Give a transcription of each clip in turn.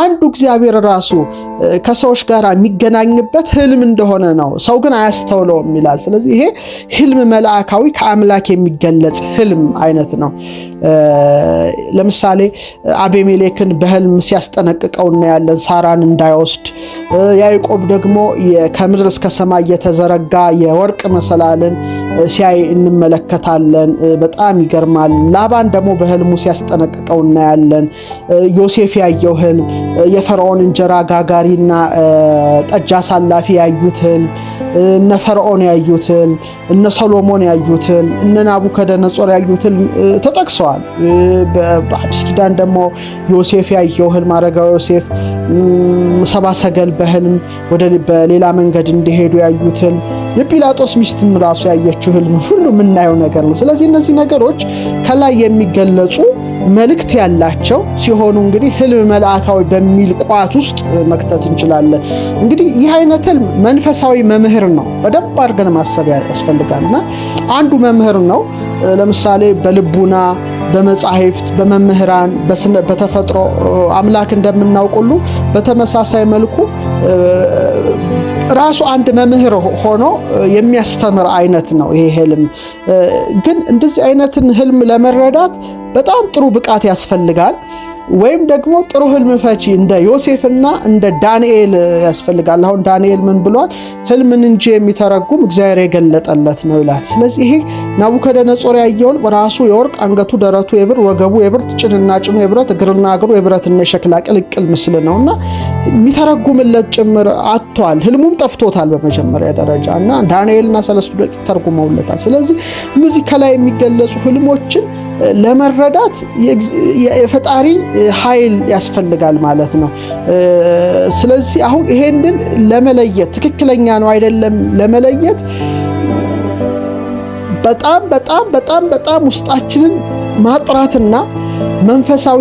አንዱ እግዚአብሔር ራሱ ከሰዎች ጋር የሚገናኝበት ህልም እንደሆነ ነው። ሰው ግን አያስተውለውም ይላል። ስለዚህ ይሄ ህልም መልአካዊ ከአምላክ የሚገለጽ ህልም አይነት ነው። ለምሳሌ አቤሜሌክን በህልም ሲያስጠነቅቀው እናያለን፣ ሳራን እንዳይወስድ። ያዕቆብ ደግሞ ከምድር እስከ ሰማይ የተዘረጋ የወርቅ መሰላልን ሲያይ እንመለከታለን። በጣም ይገርማል። ላባን ደግሞ በህልሙ ሲያስጠነቅቀው እናያለን። ዮሴፍ ያየው ህልም የፈርዖን እንጀራ ጋጋ አብራሪና ጠጅ አሳላፊ ያዩትን እነ ፈርዖን ያዩትን እነ ሰሎሞን ያዩትን እነ ናቡከደነጾር ያዩትን ተጠቅሰዋል። በአዲስ ኪዳን ደግሞ ዮሴፍ ያየው ህልም አረጋዊ ዮሴፍ ሰብአ ሰገል በህልም ወደ በሌላ መንገድ እንዲሄዱ ያዩትን የጲላጦስ ሚስትም ራሱ ያየችው ህልም ሁሉ የምናየው ነገር ነው። ስለዚህ እነዚህ ነገሮች ከላይ የሚገለጹ መልእክት ያላቸው ሲሆኑ እንግዲህ ህልም መልአካዊ በሚል ቋት ውስጥ መክተት እንችላለን። እንግዲህ ይህ አይነት ህልም መንፈሳዊ መምህር ነው። በደንብ አድርገን ማሰብ ያስፈልጋልና አንዱ መምህር ነው። ለምሳሌ በልቡና በመጻሕፍት በመምህራን በተፈጥሮ አምላክ እንደምናውቅ በተመሳሳይ መልኩ ራሱ አንድ መምህር ሆኖ የሚያስተምር አይነት ነው ይሄ ህልም። ግን እንደዚህ አይነትን ህልም ለመረዳት በጣም ጥሩ ብቃት ያስፈልጋል። ወይም ደግሞ ጥሩ ህልም ፈቺ እንደ ዮሴፍና እንደ ዳንኤል ያስፈልጋል። አሁን ዳንኤል ምን ብሏል? ህልምን እንጂ የሚተረጉም እግዚአብሔር የገለጠለት ነው ይላል። ስለዚህ ይሄ ናቡከደነጾር ያየውን ራሱ የወርቅ አንገቱ፣ ደረቱ የብር ወገቡ የብር ጭንና ጭኑ የብረት እግርና እግሩ የብረትና የሸክላ ቅልቅል ምስል እና የሚተረጉምለት ጭምር አጥቷል። ህልሙም ጠፍቶታል በመጀመሪያ ደረጃ እና ዳንኤልና ሰለስቱ ደቂቅ ተርጉመውለታል። ስለዚህ እነዚህ ከላይ የሚገለጹ ህልሞችን ለመረዳት የፈጣሪ ኃይል ያስፈልጋል ማለት ነው። ስለዚህ አሁን ይሄንን ለመለየት ትክክለኛ ነው አይደለም ለመለየት በጣም በጣም በጣም በጣም ውስጣችንን ማጥራትና መንፈሳዊ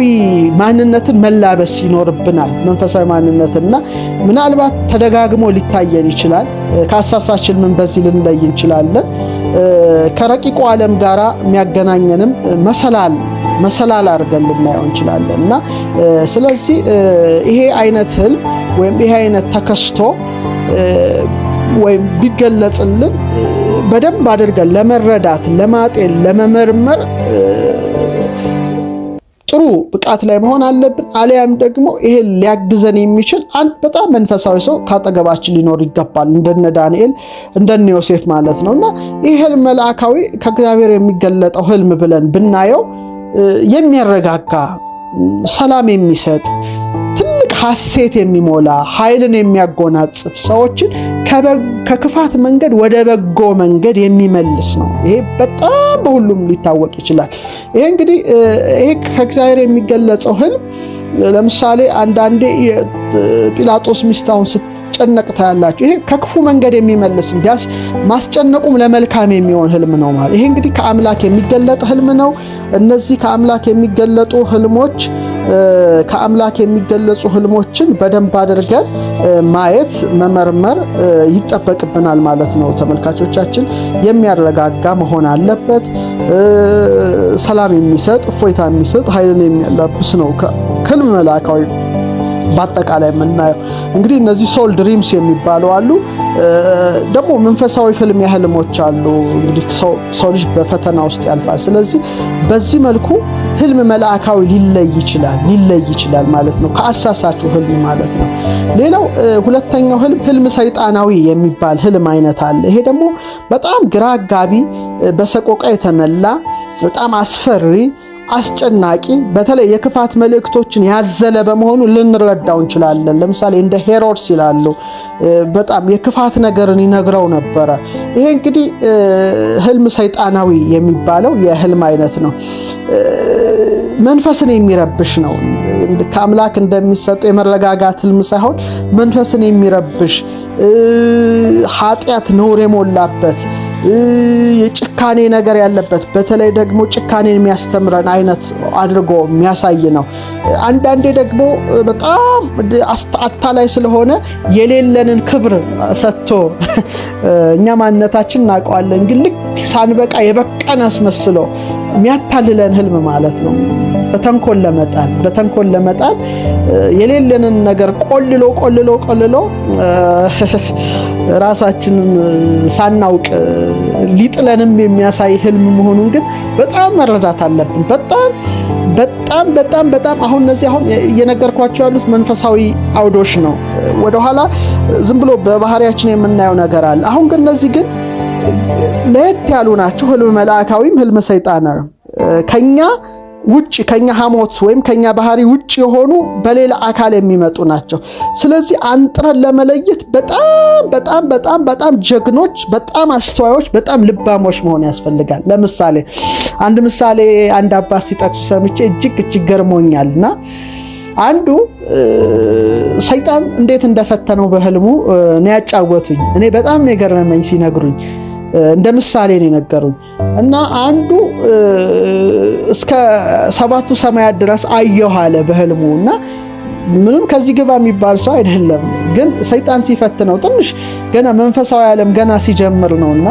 ማንነትን መላበስ ይኖርብናል። መንፈሳዊ ማንነትና ምናልባት ተደጋግሞ ሊታየን ይችላል። ከአሳሳችን ምን በዚህ ልንለይ እንችላለን። ከረቂቁ ዓለም ጋራ የሚያገናኘንም መሰላል መሰላል አድርገን ልናየው እንችላለን እና ስለዚህ ይሄ አይነት ህልም ወይም ይሄ አይነት ተከስቶ ወይም ቢገለጽልን በደንብ አድርገን ለመረዳት፣ ለማጤን፣ ለመመርመር ጥሩ ብቃት ላይ መሆን አለብን። አሊያም ደግሞ ይሄን ሊያግዘን የሚችል አንድ በጣም መንፈሳዊ ሰው ካጠገባችን ሊኖር ይገባል። እንደነ ዳንኤል እንደነ ዮሴፍ ማለት ነው እና ይህ ህልም መልአካዊ ከእግዚአብሔር የሚገለጠው ህልም ብለን ብናየው የሚያረጋጋ ሰላም የሚሰጥ ትልቅ ሐሴት የሚሞላ ኃይልን የሚያጎናጽፍ ሰዎችን ከክፋት መንገድ ወደ በጎ መንገድ የሚመልስ ነው። ይሄ በጣም በሁሉም ሊታወቅ ይችላል። ይሄ እንግዲህ ይሄ ከእግዚአብሔር የሚገለጸው ህልም ለምሳሌ አንዳንዴ ጲላጦስ ሚስታውን ማስጨነቅ ታያላችሁ። ይሄ ከክፉ መንገድ የሚመልስ ቢያስ ማስጨነቁም ለመልካም የሚሆን ህልም ነው ማለት ይሄ እንግዲህ ከአምላክ የሚገለጥ ህልም ነው። እነዚህ ከአምላክ የሚገለጡ ህልሞች ከአምላክ የሚገለጹ ህልሞችን በደንብ አድርገን ማየት መመርመር ይጠበቅብናል ማለት ነው። ተመልካቾቻችን የሚያረጋጋ መሆን አለበት። ሰላም የሚሰጥ እፎይታ የሚሰጥ ኃይልን የሚያላብስ ነው ከህልም መላእካዊ በአጠቃላይ የምናየው እንግዲህ እነዚህ ሶል ድሪምስ የሚባሉ አሉ። ደግሞ መንፈሳዊ ፍልሚያ ህልሞች አሉ። እንግዲህ ሰው ልጅ በፈተና ውስጥ ያልፋል። ስለዚህ በዚህ መልኩ ህልም መልአካዊ ሊለይ ይችላል ሊለይ ይችላል ማለት ነው፣ ከአሳሳችሁ ህልም ማለት ነው። ሌላው ሁለተኛው ህልም ህልም ሰይጣናዊ የሚባል ህልም አይነት አለ። ይሄ ደግሞ በጣም ግራ አጋቢ፣ በሰቆቃ የተመላ በጣም አስፈሪ አስጨናቂ በተለይ የክፋት መልእክቶችን ያዘለ በመሆኑ ልንረዳው እንችላለን። ለምሳሌ እንደ ሄሮድስ ይላሉ በጣም የክፋት ነገርን ይነግረው ነበረ። ይሄ እንግዲህ ህልም ሰይጣናዊ የሚባለው የህልም አይነት ነው። መንፈስን የሚረብሽ ነው። ከአምላክ እንደሚሰጥ የመረጋጋት ህልም ሳይሆን መንፈስን የሚረብሽ ኃጢአት፣ ነውር የሞላበት የጭካኔ ነገር ያለበት በተለይ ደግሞ ጭካኔን የሚያስተምረን አይነት አድርጎ የሚያሳይ ነው። አንዳንዴ ደግሞ በጣም አታላይ ስለሆነ የሌለንን ክብር ሰጥቶ እኛ ማንነታችን እናውቀዋለን፣ ግን ልክ ሳንበቃ የበቃን አስመስሎ የሚያታልለን ህልም ማለት ነው። በተንኮል ለመጣል በተንኮል ለመጣል የሌለንን ነገር ቆልሎ ቆልሎ ቆልሎ ራሳችንን ሳናውቅ ሊጥለንም የሚያሳይ ህልም መሆኑን ግን በጣም መረዳት አለብን። በጣም በጣም በጣም በጣም አሁን እነዚህ አሁን እየነገርኳቸው ያሉት መንፈሳዊ አውዶች ነው። ወደኋላ ዝም ብሎ በባህሪያችን የምናየው ነገር አለ። አሁን ግን እነዚህ ግን ለየት ያሉ ናቸው። ህልም መልአካዊም ህልም ሰይጣናዊም ከኛ ውጭ ከኛ ሐሞት ወይም ከኛ ባህሪ ውጭ የሆኑ በሌላ አካል የሚመጡ ናቸው። ስለዚህ አንጥረን ለመለየት በጣም በጣም በጣም በጣም ጀግኖች፣ በጣም አስተዋዮች፣ በጣም ልባሞች መሆን ያስፈልጋል። ለምሳሌ አንድ ምሳሌ አንድ አባት ሲጠቅሱ ሰምቼ እጅግ እጅግ ገርሞኛል እና አንዱ ሰይጣን እንዴት እንደፈተነው በህልሙ ነው ያጫወቱኝ። እኔ በጣም ነው የገረመኝ ሲነግሩኝ እንደ ምሳሌ ነው የነገሩኝ። እና አንዱ እስከ ሰባቱ ሰማያት ድረስ አየሁ አለ በህልሙ እና ምንም ከዚህ ግባ የሚባል ሰው አይደለም፣ ግን ሰይጣን ሲፈትነው ትንሽ ገና መንፈሳዊ ዓለም ገና ሲጀምር ነው እና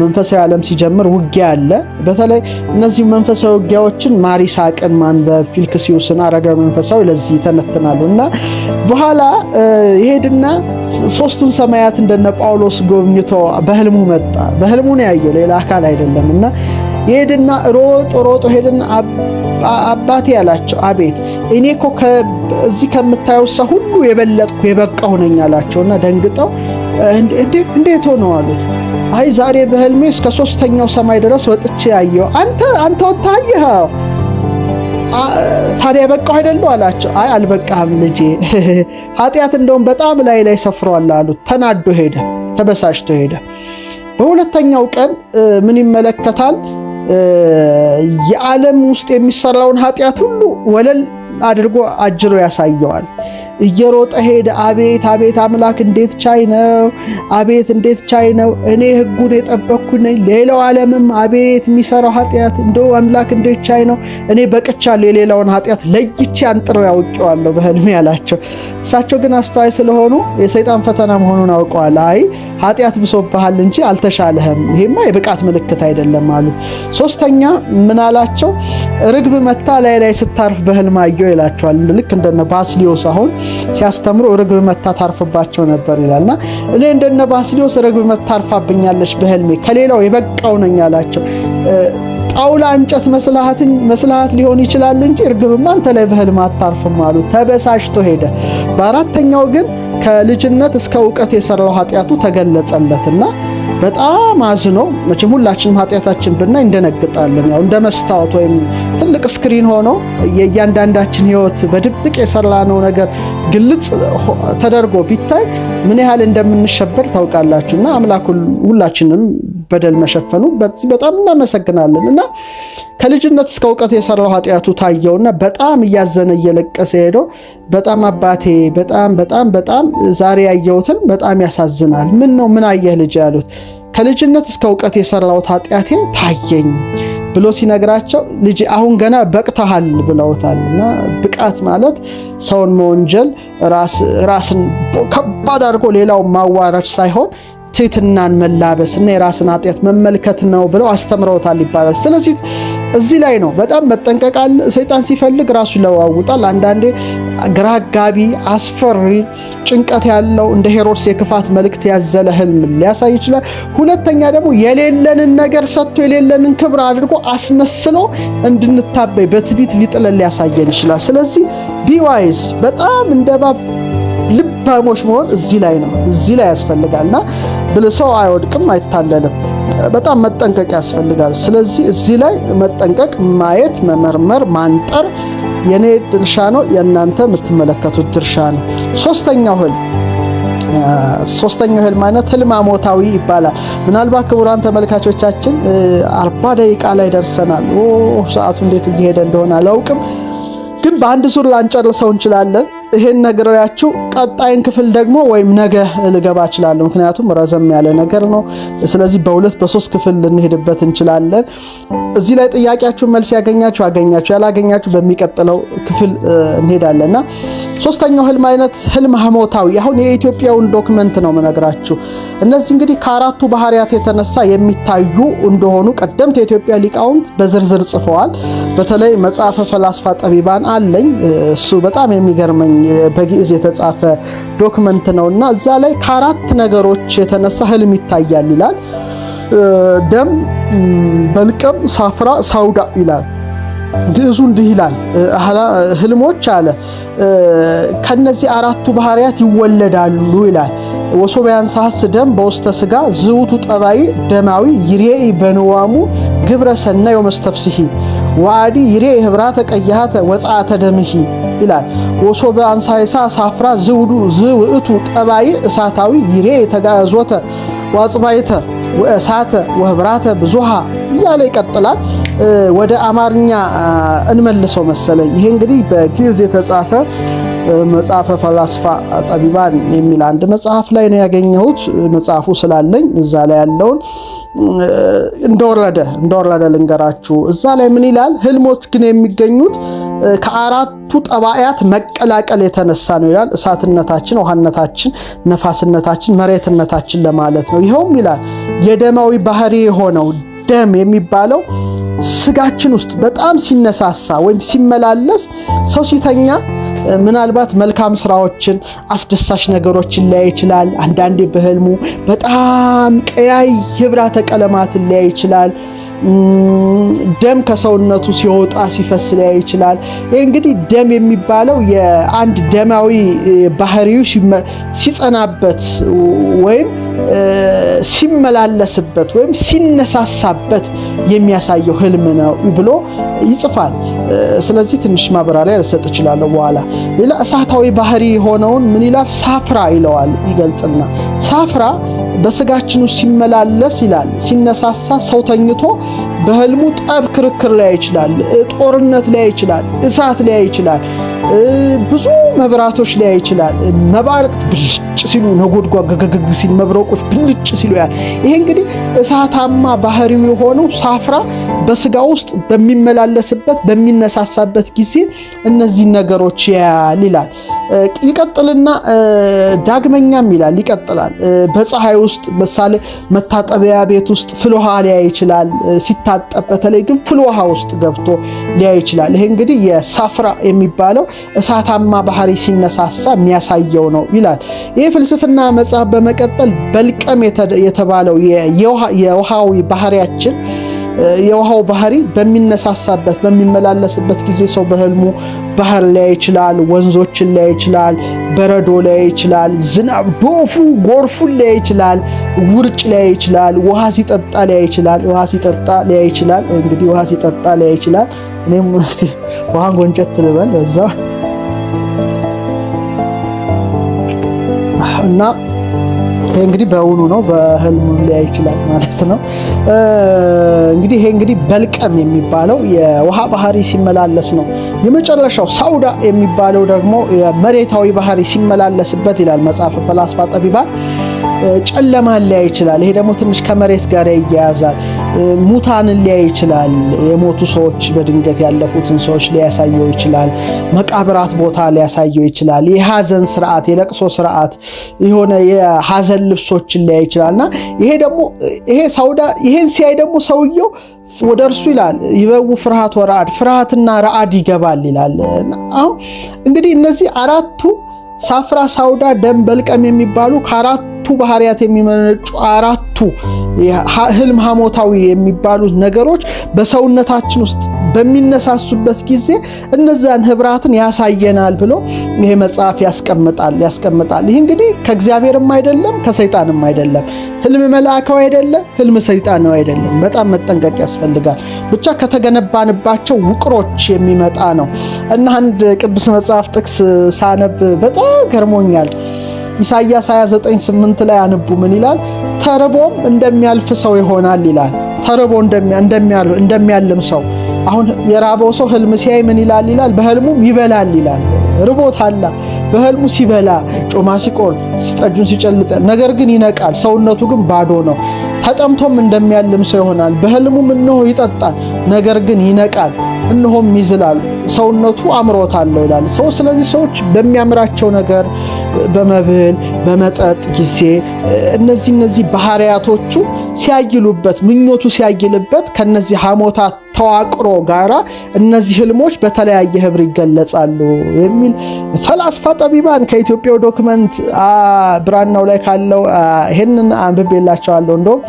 መንፈሳዊ ዓለም ሲጀምር ውጊያ አለ። በተለይ እነዚህ መንፈሳዊ ውጊያዎችን ማሪሳቅን ማንበብ ፊልክስዩስን አረገ መንፈሳዊ ለዚህ ይተነትናሉ እና በኋላ ይሄድና ሶስቱን ሰማያት እንደነ ጳውሎስ ጎብኝቶ በህልሙ መጣ። በህልሙ ነው ያየው፣ ሌላ አካል አይደለም። እና ይሄድና ሮጦ ሮጦ ሄድን አባቴ ያላቸው፣ አቤት እኔ እኮ እዚህ ከምታየው ሰው ሁሉ የበለጥኩ የበቃሁ ነኝ አላቸውና ደንግጠው እንዴት ሆነ አሉት። አይ ዛሬ በህልሜ እስከ ሶስተኛው ሰማይ ድረስ ወጥቼ ያየው። አንተ አንተ ወጥተህ ታዲያ በቃው አይደሉ አላቸው። አይ አልበቃህም ልጄ፣ ኃጢአት እንደውም በጣም ላይ ላይ ሰፍሯል አሉት። ተናዶ ሄደ፣ ተበሳጭቶ ሄደ። በሁለተኛው ቀን ምን ይመለከታል? የዓለም ውስጥ የሚሰራውን ኃጢአት ሁሉ ወለል አድርጎ አጅሮ ያሳየዋል። እየሮጠ ሄደ። አቤት አቤት አምላክ እንዴት ቻይ ነው! አቤት እንዴት ቻይ ነው! እኔ ሕጉን የጠበቅኩ ነኝ። ሌላው ዓለምም አቤት የሚሰራው ኃጢአት እንደ አምላክ እንዴት ቻይ ነው! እኔ በቅቻለሁ፣ የሌላውን ኃጢአት ለይቼ አንጥረው ያውቀዋለሁ በህልሜ ያላቸው። እሳቸው ግን አስተዋይ ስለሆኑ የሰይጣን ፈተና መሆኑን አውቀዋል። አይ ኃጢአት ብሶብሃል እንጂ አልተሻለህም፣ ይሄማ የብቃት ምልክት አይደለም አሉ። ሶስተኛ ምን አላቸው? ርግብ መታ ላይ ላይ ስታርፍ በህልም አየሁ ይላቸዋል። ልክ እንደነ ባስሊዮስ አሁን ሲያስተምሩ ርግብ መታ ታርፍባቸው ነበር ይላልና እኔ እንደነ ባስሊዮስ ርግብ መታ ታርፋብኛለች በህልሜ ከሌላው የበቃው ነኝ አላቸው። ጣውላ እንጨት መስላሃት ሊሆን ይችላል እንጂ እርግብማ አንተ ላይ በህልም አታርፍም አሉ። ተበሳሽቶ ሄደ። በአራተኛው ግን ከልጅነት እስከ እውቀት የሰራው ኃጢአቱ ተገለጸለትና በጣም አዝኖ መቼም ሁላችንም ኃጢአታችን ብናይ እንደነግጣለን። ያው እንደ መስታወት ወይም ትልቅ ስክሪን ሆኖ የእያንዳንዳችን ሕይወት በድብቅ የሰራነው ነገር ግልጽ ተደርጎ ቢታይ ምን ያህል እንደምንሸበር ታውቃላችሁ። እና አምላክ ሁላችንም በደል መሸፈኑ በጣም እናመሰግናለን። እና ከልጅነት እስከ እውቀት የሰራው ኃጢአቱ ታየውና በጣም እያዘነ እየለቀሰ ሄደው በጣም አባቴ በጣም በጣም በጣም ዛሬ ያየሁትን በጣም ያሳዝናል። ምን ነው ምን አየህ ልጅ ያሉት ከልጅነት እስከ እውቀት የሰራሁት ኃጢአቴ ታየኝ ብሎ ሲነግራቸው ልጅ አሁን ገና በቅተሃል ብለውታል። እና ብቃት ማለት ሰውን መወንጀል ራስን ከባድ አድርጎ ሌላው ማዋረድ ሳይሆን ትህትናን መላበስ እና የራስን ኃጢአት መመልከት ነው ብለው አስተምረውታል ይባላል። ስለዚህ እዚህ ላይ ነው በጣም መጠንቀቃል። ሰይጣን ሲፈልግ ራሱ ይለዋውጣል። አንዳንዴ ግራ አጋቢ፣ አስፈሪ፣ ጭንቀት ያለው እንደ ሄሮድስ የክፋት መልእክት ያዘለ ህልም ሊያሳይ ይችላል። ሁለተኛ ደግሞ የሌለንን ነገር ሰጥቶ የሌለንን ክብር አድርጎ አስመስሎ እንድንታበይ በትቢት ሊጥለን ሊያሳየን ይችላል። ስለዚህ ቢዋይዝ በጣም እንደ እባብ ልባሞች መሆን እዚህ ላይ ነው እዚህ ላይ ያስፈልጋልና ብልሰው አይወድቅም አይታለልም። በጣም መጠንቀቅ ያስፈልጋል። ስለዚህ እዚህ ላይ መጠንቀቅ፣ ማየት፣ መመርመር፣ ማንጠር የኔ ድርሻ ነው፣ የእናንተ የምትመለከቱት ድርሻ ነው። ሶስተኛው ህል ሶስተኛው ህል ማለት ህልም አሞታዊ ይባላል። ምናልባት ክቡራን ተመልካቾቻችን አርባ ደቂቃ ላይ ደርሰናል። ሰዓቱ እንዴት እየሄደ እንደሆነ አላውቅም፣ ግን በአንድ ዙር ላንጨርሰው እንችላለን። ይሄን ነግሬያችሁ ቀጣይን ክፍል ደግሞ ወይም ነገ ልገባ እችላለሁ። ምክንያቱም ረዘም ያለ ነገር ነው። ስለዚህ በሁለት በሶስት ክፍል ልንሄድበት እንችላለን። እዚህ ላይ ጥያቄያችሁን መልስ ያገኛችሁ አገኛችሁ፣ ያላገኛችሁ በሚቀጥለው ክፍል እንሄዳለንና ሶስተኛው ህልም አይነት ህልም ህሞታዊ አሁን የኢትዮጵያውን ዶክመንት ነው ምነግራችሁ። እነዚህ እንግዲህ ከአራቱ ባህሪያት የተነሳ የሚታዩ እንደሆኑ ቀደምት የኢትዮጵያ ሊቃውንት በዝርዝር ጽፈዋል። በተለይ መጽሐፈ ፈላስፋ ጠቢባን አለኝ እሱ በጣም የሚገርመኝ በግዕዝ የተጻፈ ዶክመንት ነው እና እዛ ላይ ከአራት ነገሮች የተነሳ ህልም ይታያል ይላል። ደም፣ በልቅም፣ ሳፍራ፣ ሳውዳ ይላል። ግዕዙ እንዲህ ይላል። ህልሞች አለ ከነዚህ አራቱ ባህሪያት ይወለዳሉ ይላል። ወሶቢያን ሳስ ደም በውስተ ስጋ ዝውቱ ጠባይ ደማዊ ይሬኢ በንዋሙ ግብረ ሰናይ ወመስተፍስሂ ዋዲ ይሬ ህብራ ተቀያተ ወጻአተ ደምሂ ይላል። ወሶበ አንሳይሳ ሳፍራ ዝውዱ ዝውእቱ ጠባይ እሳታዊ ይሬ ተጋዞተ ወአጽባይተ ወእሳተ ወህብራተ ብዙሃ እያለ ይቀጥላል። ወደ አማርኛ እንመልሰው መሰለኝ። ይሄ እንግዲህ በግዕዝ የተጻፈ መጽሐፈ ፈላስፋ ጠቢባን የሚል አንድ መጽሐፍ ላይ ነው ያገኘሁት። መጽሐፉ ስላለኝ እዛ ላይ ያለውን እንደወረደ እንደወረደ ልንገራችሁ። እዛ ላይ ምን ይላል? ህልሞች ግን የሚገኙት ከአራቱ ጠባያት መቀላቀል የተነሳ ነው ይላል። እሳትነታችን፣ ውሃነታችን፣ ነፋስነታችን፣ መሬትነታችን ለማለት ነው። ይኸውም ይላል የደማዊ ባህሪ የሆነው ደም የሚባለው ስጋችን ውስጥ በጣም ሲነሳሳ ወይም ሲመላለስ ሰው ሲተኛ ምናልባት መልካም ስራዎችን አስደሳች ነገሮችን ሊያይ ይችላል። አንዳንዴ በህልሙ በጣም ቀያይ ህብራተ ቀለማትን ሊያይ ይችላል። ደም ከሰውነቱ ሲወጣ ሲፈስ ሊያይ ይችላል። ይህ እንግዲህ ደም የሚባለው የአንድ ደማዊ ባህሪው ሲጸናበት ወይም ሲመላለስበት ወይም ሲነሳሳበት የሚያሳየው ህልም ነው ብሎ ይጽፋል። ስለዚህ ትንሽ ማብራሪያ ልሰጥ እችላለሁ በኋላ። ሌላ እሳታዊ ባህሪ የሆነውን ምን ይላል? ሳፍራ ይለዋል ይገልጽና ሳፍራ በስጋችን ሲመላለስ ይላል ሲነሳሳ ሰው ተኝቶ በህልሙ ጠብ፣ ክርክር ላይ ይችላል፣ ጦርነት ላይ ይችላል፣ እሳት ላይ ይችላል፣ ብዙ መብራቶች ላይ ይችላል። መብረቅ ብልጭ ሲሉ፣ ነጎድጓ ገገግ ሲል፣ መብረቆች ብልጭ ሲሉ ያል ይሄ እንግዲህ እሳታማ ባህሪው የሆነው ሳፍራ በስጋ ውስጥ በሚመላለስበት በሚነሳሳበት ጊዜ እነዚህ ነገሮች ያያል ይላል። ይቀጥልና ዳግመኛም ይላል ይቀጥላል። በፀሐይ ውስጥ ምሳሌ መታጠቢያ ቤት ውስጥ ፍልሃ ሊያይ ይችላል ሲታ ካልታጠብ በተለይ ግን ፍል ውሃ ውስጥ ገብቶ ሊያይ ይችላል። ይህ እንግዲህ የሳፍራ የሚባለው እሳታማ ባህሪ ሲነሳሳ የሚያሳየው ነው ይላል። ይህ ፍልስፍና መጽሐፍ በመቀጠል በልቀም የተባለው የውሃዊ ባህሪያችን የውሃው ባህሪ በሚነሳሳበት በሚመላለስበት ጊዜ ሰው በህልሙ ባህር ላይ ይችላል፣ ወንዞችን ላይ ይችላል፣ በረዶ ላይ ይችላል፣ ዝናብ ዶፉ ጎርፉን ላይ ይችላል፣ ውርጭ ላይ ይችላል፣ ውሃ ሲጠጣ ላይ ይችላል፣ ውሃ ሲጠጣ ላይ ይችላል። እንግዲህ ውሃ ሲጠጣ ላይ ይችላል። እኔም እስቲ ውሃን ጎንጨት ልበል እዛ እና ይሄ እንግዲህ በእውኑ ነው፣ በህልሙ ሊያይ ይችላል ማለት ነው። እንግዲህ ይሄ እንግዲህ በልቀም የሚባለው የውሃ ባህሪ ሲመላለስ ነው። የመጨረሻው ሳውዳ የሚባለው ደግሞ የመሬታዊ ባህሪ ሲመላለስበት ይላል መጽሐፈ ፈላስፋ ጠቢባን ጨለማን ሊያይ ይችላል። ይሄ ደግሞ ትንሽ ከመሬት ጋር ይያያዛል። ሙታንን ሊያይ ይችላል። የሞቱ ሰዎች በድንገት ያለፉትን ሰዎች ሊያሳየው ይችላል። መቃብራት ቦታ ሊያሳየው ይችላል። የሀዘን ስርዓት፣ የለቅሶ ስርዓት፣ የሆነ የሀዘን ልብሶችን ሊያይ እና ይሄ ደግሞ ይሄ ሳውዳ ይሄን ሲያይ ደግሞ ሰውየው ወደ እርሱ ይላል ይበው ፍርሃት ወረአድ ፍርሃትና ረአድ ይገባል ይላል። አሁን እንግዲህ እነዚህ አራቱ ሳፍራ፣ ሳውዳ፣ ደም፣ በልቀም የሚባሉ ከአራቱ ከአራቱ ባህሪያት የሚመነጩ አራቱ ህልም ሐሞታዊ የሚባሉት ነገሮች በሰውነታችን ውስጥ በሚነሳሱበት ጊዜ እነዚያን ህብራትን ያሳየናል ብሎ ይሄ መጽሐፍ ያስቀምጣል ያስቀምጣል። ይህ እንግዲህ ከእግዚአብሔርም አይደለም ከሰይጣንም አይደለም። ህልም መልአካዊ አይደለም፣ ህልም ሰይጣናዊ አይደለም። በጣም መጠንቀቅ ያስፈልጋል። ብቻ ከተገነባንባቸው ውቅሮች የሚመጣ ነው እና አንድ ቅዱስ መጽሐፍ ጥቅስ ሳነብ በጣም ገርሞኛል። ኢሳይያስ 29:8 ላይ አንቡ ምን ይላል? ተርቦም እንደሚያልፍ ሰው ይሆናል ይላል። ተርቦ እንደሚያልም ሰው አሁን የራበው ሰው ህልም ሲያይ ምን ይላል ይላል? በህልሙም ይበላል ይላል። አለ በህልሙ ሲበላ ጮማ ሲቆርጥ ጠጁን ሲጨልጠ፣ ነገር ግን ይነቃል፣ ሰውነቱ ግን ባዶ ነው። ተጠምቶም እንደሚያልም ሰው ይሆናል። በህልሙም እነሆ ይጠጣል፣ ነገር ግን ይነቃል፣ እነሆም ይዝላል፣ ሰውነቱ አምሮታለሁ ይላል ሰው። ስለዚህ ሰዎች በሚያምራቸው ነገር በመብል በመጠጥ ጊዜ እነዚህ እነዚህ ባህሪያቶቹ ሲያይሉበት፣ ምኞቱ ሲያይልበት ከነዚህ ሐሞታት ተዋቅሮ ጋራ እነዚህ ህልሞች በተለያየ ህብር ይገለጻሉ የሚል ፈላስፋ ጠቢባን ከኢትዮጵያው ዶክመንት ብራናው ላይ ካለው ይህንን አንብቤላቸዋለሁ እንደውም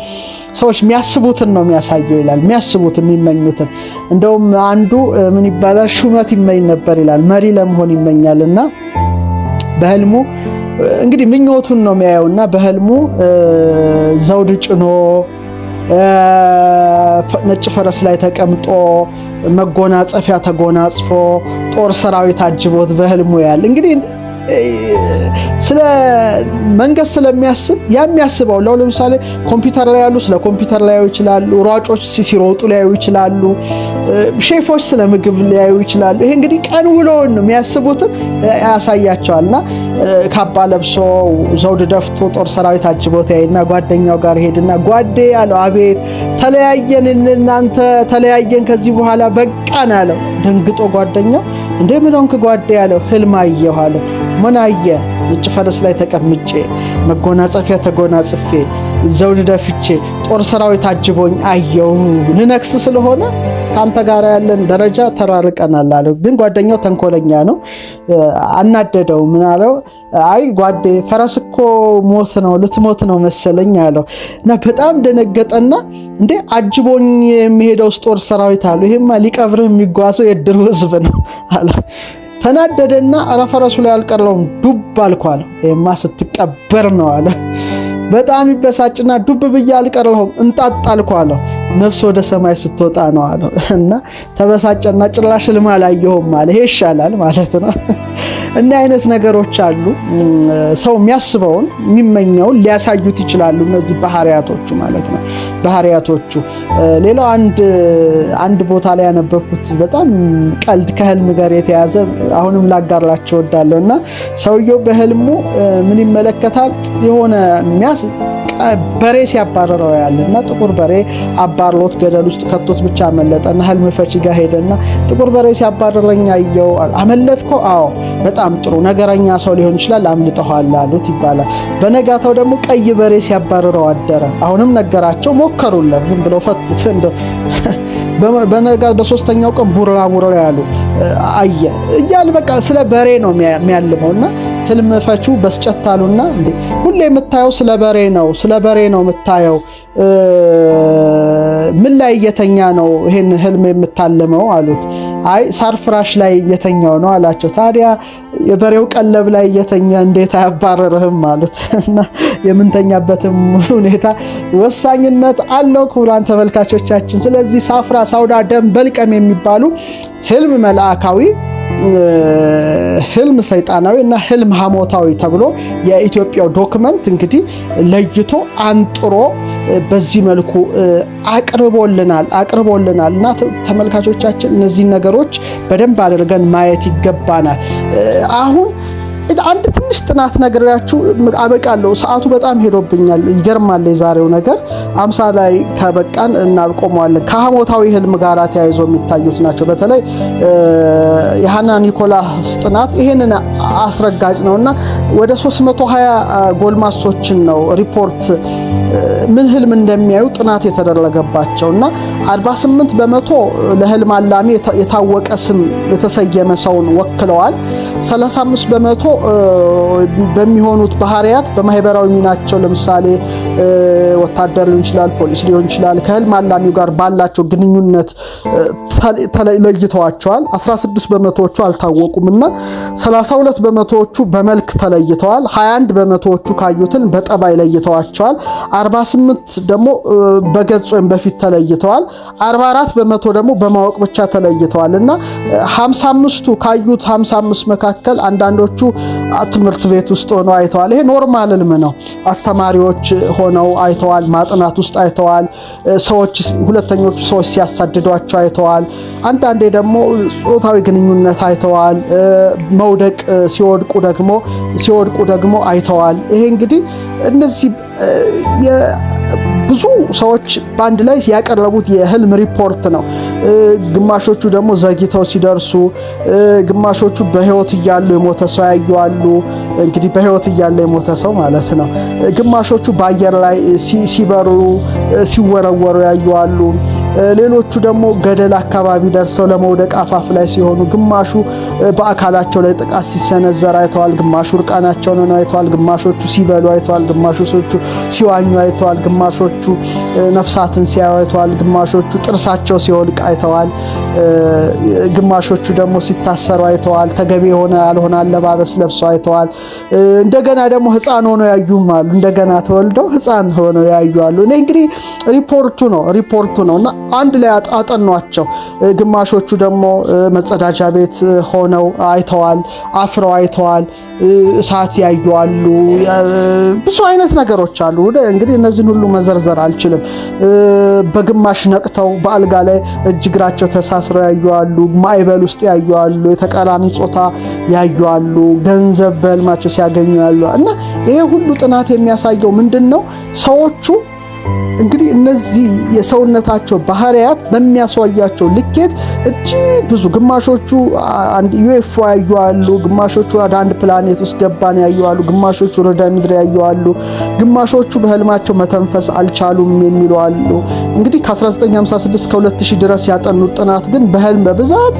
ሰዎች የሚያስቡትን ነው የሚያሳየው ይላል። የሚያስቡትን የሚመኙትን። እንደውም አንዱ ምን ይባላል ሹመት ይመኝ ነበር ይላል። መሪ ለመሆን ይመኛል እና በህልሙ እንግዲህ ምኞቱን ነው የሚያየው እና በህልሙ ዘውድ ጭኖ ነጭ ፈረስ ላይ ተቀምጦ መጎናጸፊያ ተጎናጽፎ ጦር ሰራዊት አጅቦት በህልሙ ያል እንግዲህ ስለ መንግስት ስለሚያስብ የሚያስበው ለው ለምሳሌ ኮምፒውተር ላይ ያሉ ስለ ኮምፒውተር ላያዩ ይችላሉ። ሯጮች ሲሮጡ ሊያዩ ይችላሉ። ሼፎች ስለ ምግብ ሊያዩ ይችላሉ። ይሄ እንግዲህ ቀን ውሎውን የሚያስቡትን ያሳያቸዋልና ካባ ለብሶ ዘውድ ደፍቶ ጦር ሰራዊት አጅቦት ያይና ጓደኛው ጋር ሄድና ጓዴ አለው። አቤት ተለያየን፣ እናንተ ተለያየን፣ ከዚህ በኋላ በቃን አለው። ደንግጦ ጓደኛው እንደምን ምን ሆንክ ጓዴ አለው። ህልም አየሁ አለው። ምን አየ ነጭ ፈረስ ላይ ተቀምጬ መጎናጸፊያ ተጎናጽፌ ዘውድ ደፍቼ ጦር ሰራዊት አጅቦኝ አየው። ልነግስ ስለሆነ ከአንተ ጋር ያለን ደረጃ ተራርቀናል አለው። ግን ጓደኛው ተንኮለኛ ነው፣ አናደደው። ምን አለው? አይ ጓዴ ፈረስ እኮ ሞት ነው ልትሞት ነው መሰለኝ አለው እና በጣም ደነገጠና እንዴ አጅቦኝ የሚሄደውስ ጦር ሰራዊት አሉ። ይሄማ ሊቀብርህ የሚጓዘው የድር ህዝብ ነው አለ። ተናደደና ረፈረሱ ላይ አልቀረውም ዱብ አልኩ አለ። ይሄማ ስትቀበር ነው አለ። በጣም ይበሳጭና ዱብ ብዬ አልቀረውም እንጣጣ አልኩ አለ። ነፍስ ወደ ሰማይ ስትወጣ ነው አለ እና ተበሳጨና ጭራሽ ልም አላየሁም አለ። ይሄ ይሻላል ማለት ነው። እና አይነት ነገሮች አሉ። ሰው የሚያስበውን የሚመኘውን ሊያሳዩት ይችላሉ። እነዚህ ባህሪያቶቹ ማለት ነው። ባህሪያቶቹ ሌላው አንድ አንድ ቦታ ላይ ያነበብኩት በጣም ቀልድ ከህልም ጋር የተያዘ አሁንም ላጋርላቸው እወዳለሁ እና ሰውየው በህልሙ ምን ይመለከታል? የሆነ በሬ ሲያባረረው ያለ እና ጥቁር በሬ አባርሎት ገደል ውስጥ ከቶት ብቻ አመለጠና ህልም ፈቺ ጋር ሄደና ጥቁር በሬ ሲያባርረኝ አየው። አመለጥኮ? አዎ። በጣም ጥሩ ነገረኛ ሰው ሊሆን ይችላል አምልጠኋል አሉት ይባላል። በነጋታው ደግሞ ቀይ በሬ ሲያባረረው አደረ። አሁንም ነገራቸው፣ ሞከሩለት፣ ዝም ብለው ፈቱት። በነጋ በሶስተኛው ቀን ቡራ ቡራ ያሉ አየ እያል በቃ ስለ በሬ ነው የሚያልመውና ህልም ፈቹ በስጨት አሉና፣ እንዴ ሁሌ የምታየው ስለ በሬ ነው፣ ስለ በሬ ነው የምታየው፣ ምን ላይ እየተኛ ነው ይሄን ህልም የምታልመው አሉት። አይ ሳር ፍራሽ ላይ እየተኛው ነው አላቸው። ታዲያ የበሬው ቀለብ ላይ እየተኛ እንዴት አያባረርህም አሉት። እና የምንተኛበትም ሁኔታ ወሳኝነት አለው። ክቡራን ተመልካቾቻችን፣ ስለዚህ ሳፍራ፣ ሳውዳ፣ ደም፣ በልቀም የሚባሉ ህልም መልአካዊ ህልም ሰይጣናዊ እና ህልም ሐሞታዊ ተብሎ የኢትዮጵያው ዶክመንት እንግዲህ ለይቶ አንጥሮ በዚህ መልኩ አቅርቦልናል አቅርቦልናል እና ተመልካቾቻችን እነዚህ ነገሮች በደንብ አድርገን ማየት ይገባናል አሁን አንድ ትንሽ ጥናት ነግሬያችሁ አበቃለሁ። ሰዓቱ በጣም ሄዶብኛል። ይገርማል የዛሬው ነገር። አምሳ ላይ ከበቃን እናቆመዋለን። ከሐሞታዊ ህልም ጋር ተያይዞ የሚታዩት ናቸው። በተለይ የሀና ኒኮላስ ጥናት ይህንን አስረጋጭ እና ወደ 320 ጎልማሶችን ነው ሪፖርት ምን ህልም እንደሚያዩ ጥናት የተደረገባቸው እና 48 በመቶ ለህልም አላሚ የታወቀ ስም የተሰየመ ሰውን ወክለዋል። 35 በመቶ በሚሆኑት ባህሪያት በማህበራዊ ሚናቸው ለምሳሌ ወታደር ሊሆን ይችላል፣ ፖሊስ ሊሆን ይችላል። ከህልም አላሚው ጋር ባላቸው ግንኙነት ተለይተዋቸዋል። 16 በመቶዎቹ አልታወቁም እና 32 በመቶዎቹ በመልክ ተለይተዋል። 21 በመቶዎቹ ካዩትን በጠባይ ለይተዋቸዋል። 48 ደግሞ በገጽ ወይም በፊት ተለይተዋል። 44 በመቶ ደግሞ በማወቅ ብቻ ተለይተዋል እና 55ቱ ካዩት 55 መካከል አንዳንዶቹ ትምህርት ቤት ውስጥ ሆነው አይተዋል። ይሄ ኖርማል ህልም ነው። አስተማሪዎች ሆነው አይተዋል። ማጥናት ውስጥ አይተዋል። ሰዎች ሁለተኞቹ ሰዎች ሲያሳድዷቸው አይተዋል። አንዳንዴ ደግሞ ጾታዊ ግንኙነት አይተዋል። መውደቅ ሲወድቁ ደግሞ ሲወድቁ ደግሞ አይተዋል። ይሄ እንግዲህ እነዚህ ብዙ ሰዎች በአንድ ላይ ያቀረቡት የህልም ሪፖርት ነው። ግማሾቹ ደግሞ ዘግይተው ሲደርሱ፣ ግማሾቹ በህይወት እያሉ የሞተ ሰው ያዩ አሉ። እንግዲህ በህይወት እያለ የሞተ ሰው ማለት ነው። ግማሾቹ በአየር ላይ ሲበሩ ሲወረወሩ ያዩ አሉ። ሌሎቹ ደግሞ ገደል አካባቢ ደርሰው ለመውደቅ አፋፍ ላይ ሲሆኑ፣ ግማሹ በአካላቸው ላይ ጥቃት ሲሰነዘር አይተዋል፣ ግማሹ እርቃናቸውን ሆነው አይተዋል፣ ግማሾቹ ሲበሉ አይተዋል፣ ግማሾቹ ሲዋኙ አይተዋል፣ ግማሾቹ ነፍሳትን ሲያዩ አይተዋል፣ ግማሾቹ ጥርሳቸው ሲወልቅ አይተዋል፣ ግማሾቹ ደግሞ ሲታሰሩ አይተዋል። ተገቢ የሆነ ያልሆነ አለባበስ ለብሶ አይተዋል። እንደገና ደግሞ ሕፃን ሆነው ያዩም አሉ። እንደገና ተወልደው ሕፃን ሆነው ያዩ አሉ። እኔ እንግዲህ ሪፖርቱ ነው ሪፖርቱ ነው እና አንድ ላይ አጠኗቸው። ግማሾቹ ደግሞ መጸዳጃ ቤት ሆነው አይተዋል፣ አፍረው አይተዋል፣ እሳት ያዩዋሉ። ብዙ አይነት ነገሮች አሉ። እንግዲህ እነዚህን ሁሉ መዘርዘር አልችልም። በግማሽ ነቅተው በአልጋ ላይ እጅ እግራቸው ተሳስረው ያዩዋሉ። ማይበል ውስጥ ያዩዋሉ። አሉ፣ የተቃራኒ ጾታ ያዩ ገንዘብ በህልማቸው ሲያገኙ ያሉ እና ይሄ ሁሉ ጥናት የሚያሳየው ምንድን ነው ሰዎቹ እንግዲህ እነዚህ የሰውነታቸው ባህሪያት በሚያስዋያቸው ልኬት እጅግ ብዙ ግማሾቹ ዩኤፎ ያዩ አሉ፣ ግማሾቹ ወደ አንድ ፕላኔት ውስጥ ገባን ያዩ አሉ፣ ግማሾቹ ወደ ምድር ያዩ አሉ፣ ግማሾቹ በህልማቸው መተንፈስ አልቻሉም የሚሉ አሉ። እንግዲህ ከ1956 እስከ 2000 ድረስ ያጠኑት ጥናት ግን በህልም በብዛት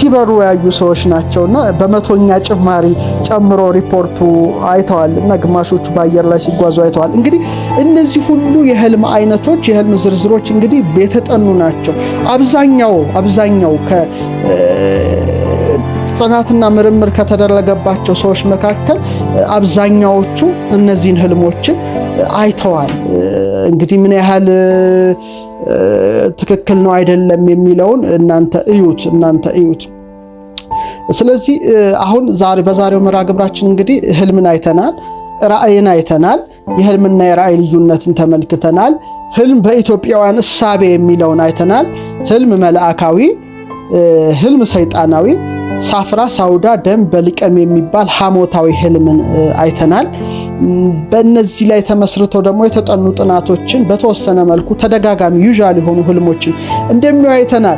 ሲበሩ ያዩ ሰዎች እና በመቶኛ ጭማሪ ጨምሮ ሪፖርቱ አይተዋል እና ግማሾቹ በአየር ላይ ሲጓዙ አይተዋል። እንግዲህ እነዚህ ሁሉ የህልም አይነቶች የህልም ዝርዝሮች እንግዲህ የተጠኑ ናቸው። አብዛኛው አብዛኛው ጥናትና ምርምር ከተደረገባቸው ሰዎች መካከል አብዛኛዎቹ እነዚህን ህልሞችን አይተዋል። እንግዲህ ምን ያህል ትክክል ነው አይደለም የሚለውን እናንተ እዩት እናንተ እዩት። ስለዚህ አሁን ዛሬ በዛሬው መራግብራችን ግብራችን እንግዲህ ህልምን አይተናል፣ ራእይን አይተናል። የህልምና የራእይ ልዩነትን ተመልክተናል። ህልም በኢትዮጵያውያን እሳቤ የሚለውን አይተናል። ህልም መልአካዊ፣ ህልም ሰይጣናዊ፣ ሳፍራ፣ ሳውዳ፣ ደም በልቀም የሚባል ሐሞታዊ ህልምን አይተናል። በእነዚህ ላይ ተመስርተው ደግሞ የተጠኑ ጥናቶችን በተወሰነ መልኩ ተደጋጋሚ ዩዣል የሆኑ ህልሞችን እንደሚያዩ አይተናል።